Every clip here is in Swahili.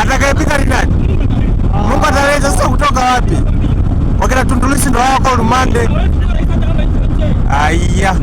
atakayepita ni nani? Mungu ataleta sasa kutoka wapi? Wakina Tundu Lissu ndo wako Lumande. Aya.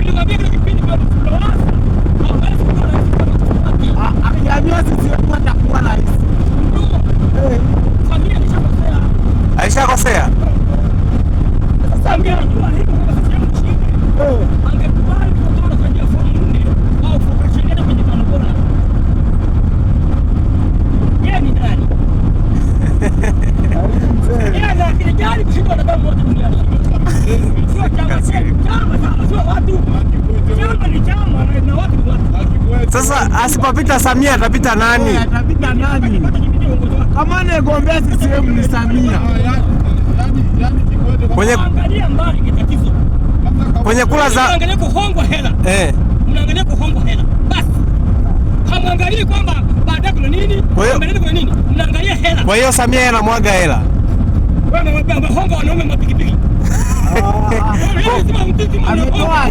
Sasa asipapita Samia atapita nani? Eh, atapita nani? Kama gombea CCM ni Samia. Kwenye kwenye kula za mnaangalia kuhongwa hela. Eh. Mnaangalia kuhongwa hela. Basi. Hamwangalii kwamba baadaye kuna nini? Mnaangalia nini? Mnaangalia hela. Kwa hiyo Samia anamwaga hela wanaume mapikipiki. Ametoa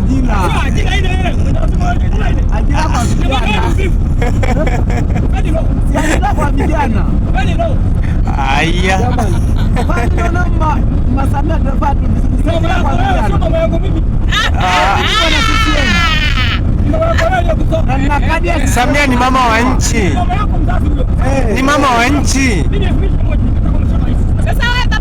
Aya. Samia ni mama wa nchi, ni mama wa nchi.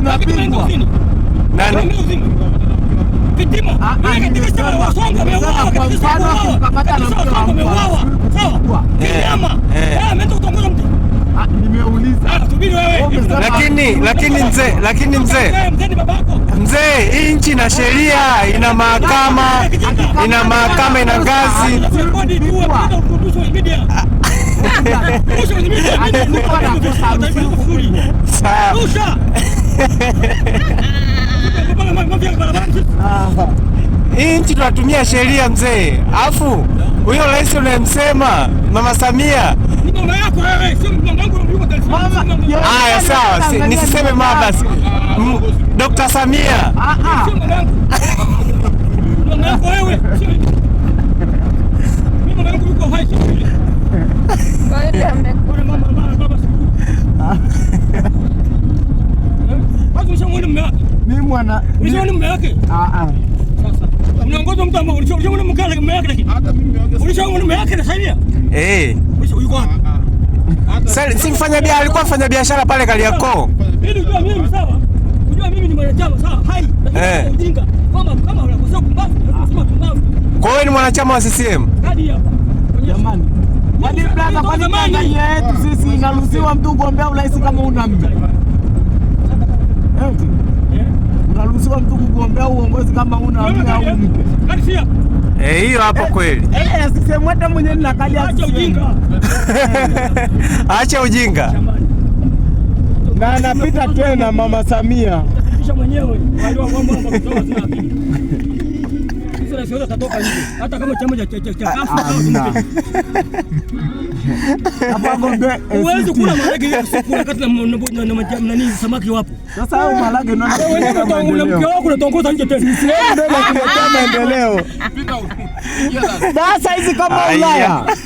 tunapingwa lakini lakini mzee, lakini mzee, mzee, hii nchi na sheria, ina mahakama, ina mahakama, ina ngazi hii nchi tunatumia sheria mzee, alafu huyo rais unayemsema Mama Samia haya sawa, nisiseme mama basi, Dr. Samia ah, ah. bwana. Unaona mume wake? Ah ah. Sasa. Mnaongoza mtu ambaye ulishaona mke wake mume wake lakini. Hata mimi mume wake. Ulishaona mume wake na sasa. Eh. Yuko wapi? Ah, ah. Sasa si mfanya biashara alikuwa mfanya biashara pale Kariakoo. Ili unajua mimi sawa. Unajua mimi ni mwanachama sawa. Hai. Eh. Ujinga. Kama kama unakosea kumbavu, unakosea kumbavu. Kwa hiyo ni mwanachama wa CCM. Hadi hapa. Jamani. Hadi yaani yaani brother, kwa nini yetu sisi ah, inaruhusiwa mtu kuombea urais kama una mume? unaruhusiwa mtu kugombea uongozi kama una amri au Eh, hiyo hapo kweli. Eh, sisemu hata mwenye ninakalia. Acha ujinga. Acha ujinga. Na anapita tena Mama Samia. Kisha mwenyewe Hata kama chama cha cha samaki wapo. Sasa hao malage ndio wanaona mke wako unatongoza nje tena. Sisi ndio tunakuletea maendeleo. Sasa hizi kama Ulaya.